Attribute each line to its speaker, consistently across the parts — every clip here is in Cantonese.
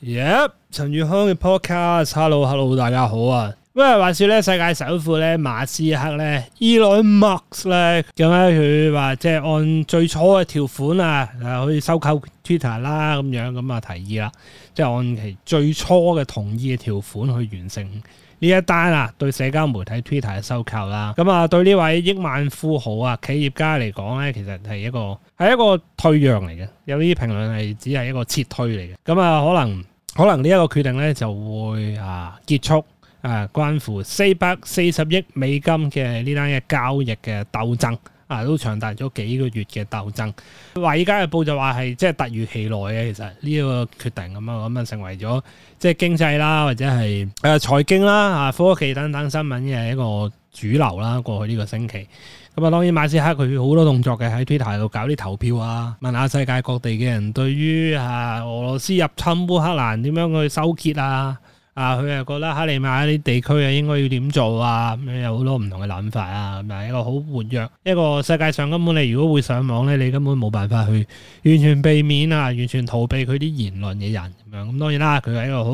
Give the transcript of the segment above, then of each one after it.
Speaker 1: 耶！陳月、yeah, 康嘅 podcast，hello hello，大家好啊。因為話說咧，世界首富咧，馬斯克咧，伊隆馬斯克咧，咁咧佢話即係按最初嘅條款啊，啊，可以收購 Twitter 啦咁樣，咁啊提議啦，即係按其最初嘅同意嘅條款去完成。呢一單啊，對社交媒體 Twitter 嘅收購啦，咁啊，對呢位億萬富豪啊，企業家嚟講咧，其實係一個係一個退讓嚟嘅，有啲評論係只係一個撤退嚟嘅，咁啊，可能可能呢一個決定咧就會啊結束啊，關乎四百四十億美金嘅呢單嘅交易嘅鬥爭。啊，都長達咗幾個月嘅鬥爭，華爾街日報就話係即係突如其來嘅，其實呢個決定咁啊，咁啊成為咗即係經濟啦，或者係誒、啊、財經啦、啊科技等等新聞嘅一個主流啦。過去呢個星期，咁啊當然馬斯克佢好多動作嘅喺 Twitter 度搞啲投票啊，問下世界各地嘅人對於啊俄羅斯入侵烏克蘭點樣去收結啊。啊！佢又覺得哈利曼啲地區啊，應該要點做啊？咁樣有好多唔同嘅諗法啊！咁係一個好活躍，一個世界上根本你如果會上網咧，你根本冇辦法去完全避免啊，完全逃避佢啲言論嘅人咁樣。咁當然啦，佢係一個好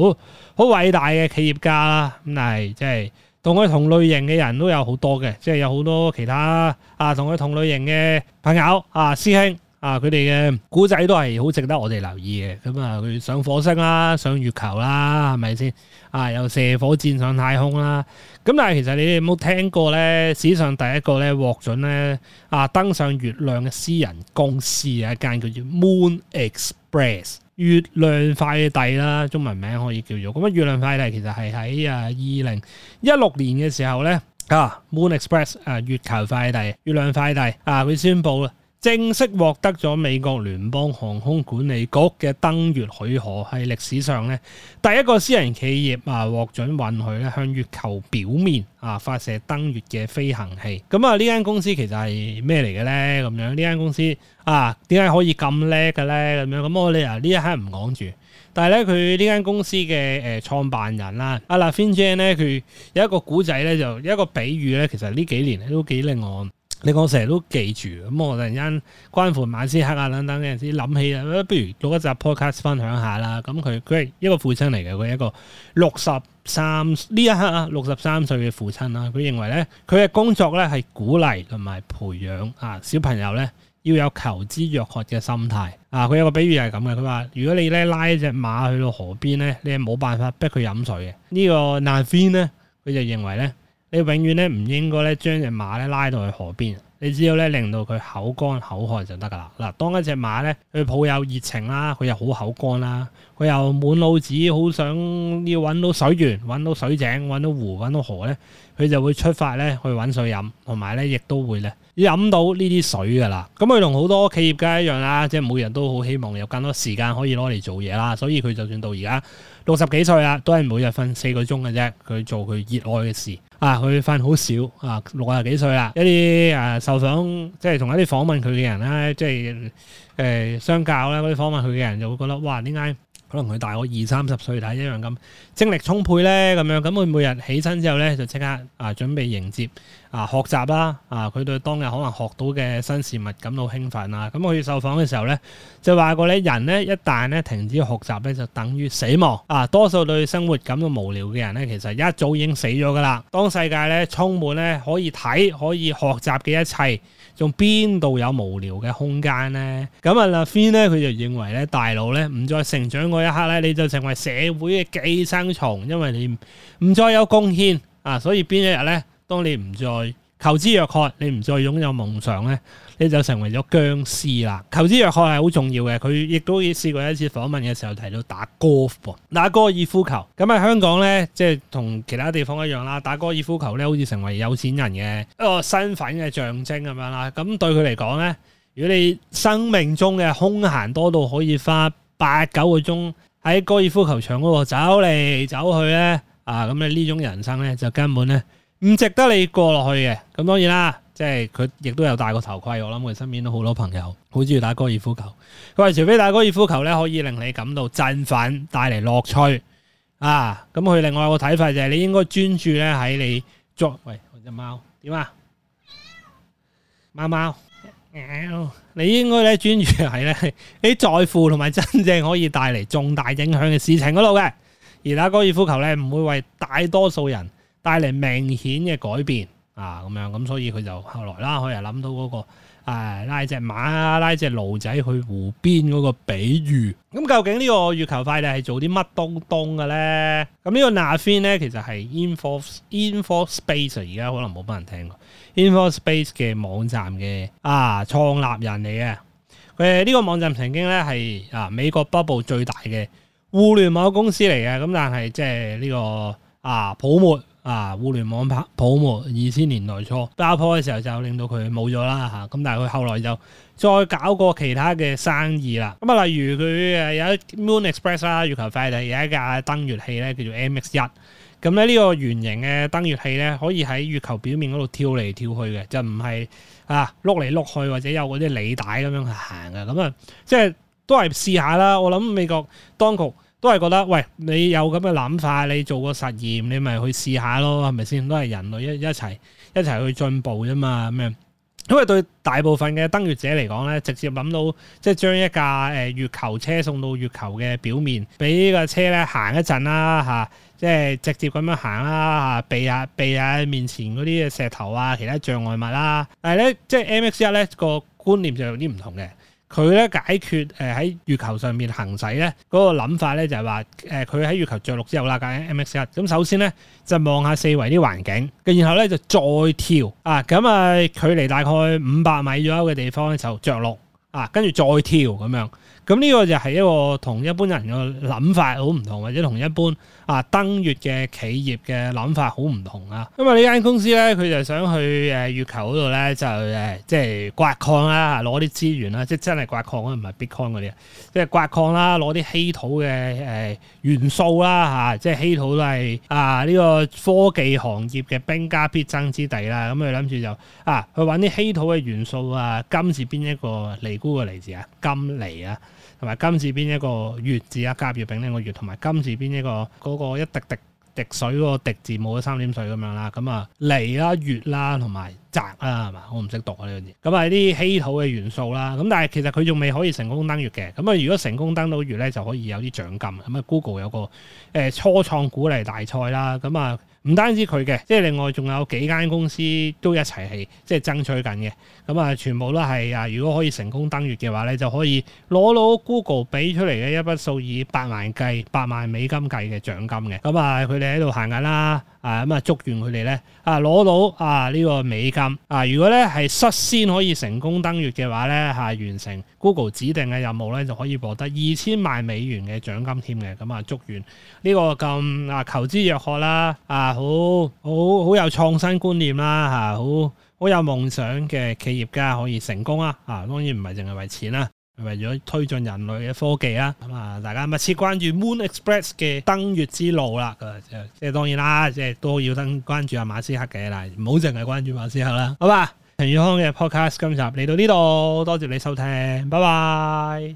Speaker 1: 好偉大嘅企業家啦。咁但係即係同佢同類型嘅人都有好多嘅，即係有好多其他啊，同佢同類型嘅朋友啊師兄。啊！佢哋嘅古仔都係好值得我哋留意嘅，咁啊，佢上火星啦，上月球啦，係咪先？啊，又射火箭上太空啦。咁但係其實你哋有冇聽過咧？史上第一個咧獲准咧啊登上月亮嘅私人公司啊，一間叫做 Moon Express 月亮快遞啦，中文名可以叫做。咁啊，月亮快遞其實係喺啊二零一六年嘅時候咧啊，Moon Express 啊月球快遞、月亮快遞啊佢宣布，正式獲得咗美國聯邦航空管理局嘅登月許可，喺歷史上咧，第一個私人企業啊獲准允許咧向月球表面啊發射登月嘅飛行器。咁啊，呢間公司其實係咩嚟嘅咧？咁樣呢間公司啊，點解可以咁叻嘅咧？咁樣咁我哋啊呢一刻唔講住。但係咧，佢呢間公司嘅誒創辦人啦，阿納芬傑咧，佢有一個古仔咧，就有一個比喻咧，其實呢幾年都幾令我。你講成日都記住，咁我突然間關乎馬斯克啊等等嘅，陣時諗起啊，不如做一集 podcast 分享下啦。咁佢佢係一個父親嚟嘅，佢係一個六十三呢一刻啊，六十三歲嘅父親啦。佢認為咧，佢嘅工作咧係鼓勵同埋培養啊小朋友咧要有求知若渴嘅心態啊。佢有個比喻係咁嘅，佢話如果你咧拉一隻馬去到河邊咧，你係冇辦法逼佢飲水嘅。呢、這個 Naveen 咧，佢就認為咧。你永遠咧唔應該咧將隻馬咧拉到去河邊，你只要咧令到佢口乾口渴就得㗎啦。嗱，當一隻馬咧，佢抱有熱情啦，佢又好口乾啦，佢又滿腦子好想要搵到水源、搵到水井、搵到湖、搵到河咧，佢就會出發咧去搵水飲，同埋咧亦都會咧。飲到呢啲水噶啦，咁佢同好多企業家一樣啦，即係每人都好希望有更多時間可以攞嚟做嘢啦，所以佢就算到而家六十幾歲啦，都係每日瞓四個鐘嘅啫，佢做佢熱愛嘅事啊，佢瞓好少啊，六十幾歲啦，一啲誒、啊、受想即係同一啲訪問佢嘅人咧，即係誒、啊、相較咧，嗰啲訪問佢嘅人就會覺得哇，點解可能佢大我二三十歲睇，一樣咁精力充沛咧？咁樣咁佢每日起身之後咧就即刻啊準備迎接。啊，學習啦、啊！啊，佢對當日可能學到嘅新事物感到興奮啊！咁去受訪嘅時候呢，就話過呢，人呢，一旦呢停止學習呢，就等於死亡啊！多數對生活感到無聊嘅人呢，其實一早已經死咗㗎喇。當世界呢充滿呢可以睇可以學習嘅一切，仲邊度有無聊嘅空間呢？」咁啊，啦，Fin 呢佢就認為呢，大腦呢，唔再成長嗰一刻呢，你就成為社會嘅寄生蟲，因為你唔再有貢獻啊，所以邊一日呢，啊當你唔再求知若渴，你唔再擁有夢想呢，你就成為咗僵屍啦。求知若渴係好重要嘅，佢亦都試過一次訪問嘅時候提到打 golf 打高爾夫球咁啊。香港呢，即係同其他地方一樣啦，打高爾夫球呢好似成為有錢人嘅一個身份嘅象徵咁樣啦。咁對佢嚟講呢，如果你生命中嘅空閒多到可以花八九個鐘喺高爾夫球場嗰度走嚟走去呢，啊咁咧呢種人生呢，就根本呢。唔值得你過落去嘅。咁當然啦，即係佢亦都有戴個頭盔，我諗佢身邊都好多朋友好中意打高爾夫球。佢話，除非打高爾夫球呢可以令你感到振奮，帶嚟樂趣啊！咁佢另外個睇法就係，啊，你應該專注呢喺你作喂隻貓點啊？貓貓，你應該呢專注喺呢，你在乎同埋真正可以帶嚟重大影響嘅事情嗰度嘅，而打高爾夫球呢，唔會為大多數人帶嚟明顯嘅改變啊，咁樣咁，所以佢就後來啦，佢又諗到嗰、那個拉隻馬啊，拉隻驢仔去湖邊嗰個比喻。咁、嗯、究竟呢個月球快遞係做啲乜東東嘅咧？咁、嗯、呢、這個 Naveen 咧，其實係 Info Info Space 而、啊、家可能冇乜人聽過 Info Space 嘅網站嘅啊創立人嚟嘅。佢呢個網站曾經咧係啊美國北部最大嘅互聯網公司嚟嘅，咁但係即係呢個啊泡沫。啊！互聯網泡沫二千年代初爆破嘅時候就令到佢冇咗啦吓，咁但係佢後來就再搞過其他嘅生意啦。咁啊，例如佢啊有一 Moon Express 啦，月球快遞有一架登月器咧，叫做 MX 一。咁咧呢個圓形嘅登月器咧，可以喺月球表面嗰度跳嚟跳去嘅，就唔係啊碌嚟碌去或者有嗰啲履帶咁樣去行嘅。咁啊，即係都係試下啦。我諗美國當局，都係覺得，喂，你有咁嘅諗法，你做個實驗，你咪去試下咯，係咪先？都係人類一齊一齊一齊去進步啫嘛，咁樣。因為對大部分嘅登月者嚟講咧，直接諗到即係將一架誒月球車送到月球嘅表面，俾呢個車咧行一陣啦吓，即、啊、係直接咁樣行啦吓，避下、啊、避下、啊啊啊、面前嗰啲嘅石頭啊，其他障礙物啦、啊。但係咧，即、就、係、是、M X 一咧個觀念就有啲唔同嘅。佢咧，解決誒喺月球上面行駛咧嗰個諗法咧，就係話誒佢喺月球着陸之後啦，架 M X 一咁首先咧就望下四圍啲環境，然後咧就再跳啊，咁啊，距離大概五百米左右嘅地方咧就着陸啊，跟住再跳咁樣。咁呢個就係一個同一般人嘅諗法好唔同，或者同一般啊登月嘅企業嘅諗法好唔同啊！因為呢間公司咧，佢就想去誒月球嗰度咧，就誒即係刮礦啦，攞啲資源啦，即係真係刮礦啊，唔係 Bitcoin 嗰啲啊，即係刮礦啦，攞啲稀土嘅誒元素啦嚇，即係稀土都係啊呢個科技行業嘅兵家必爭之地啦。咁佢諗住就啊去揾啲稀土嘅元素啊，今次邊一個尼姑嘅尼字啊？金尼啊？同埋金字邊一個月字啊，加月餅呢個月，同埋金字邊一個嗰、嗰個一滴滴滴水嗰滴字冇咗三點水咁樣啦，咁啊嚟啦、月啦、啊、同埋擲啦，係嘛？我唔識讀啊呢樣嘢。咁啊啲稀土嘅元素啦，咁但係其實佢仲未可以成功登月嘅。咁啊，如果成功登到月咧，就可以有啲獎金。咁啊，Google 有個誒、呃、初創鼓勵大賽啦。咁啊～唔單止佢嘅，即係另外仲有幾間公司都一齊係即係爭取緊嘅。咁啊，全部都係啊，如果可以成功登月嘅話咧，就可以攞到 Google 俾出嚟嘅一筆數以百萬計、百萬美金計嘅獎金嘅。咁、嗯、啊，佢哋喺度行緊啦，啊咁啊，祝願佢哋咧啊攞到啊呢個美金啊！如果咧係率先可以成功登月嘅話咧，嚇、啊、完成 Google 指定嘅任務咧，就可以獲得二千萬美元嘅獎金添嘅。咁、這個、啊，祝願呢個咁啊求知若渴啦啊！啊、好好好有創新觀念啦，吓、啊、好好有夢想嘅企業家可以成功啊！吓，當然唔係淨係為錢啦，係為咗推進人類嘅科技啦。咁啊，大家密切關注 Moon Express 嘅登月之路啦。咁即係當然啦，即、啊、係都要跟關注阿馬斯克嘅啦。唔好淨係關注馬斯克啦、啊啊。好啊，陳宇康嘅 podcast 今集嚟到呢度，多謝你收聽，拜拜。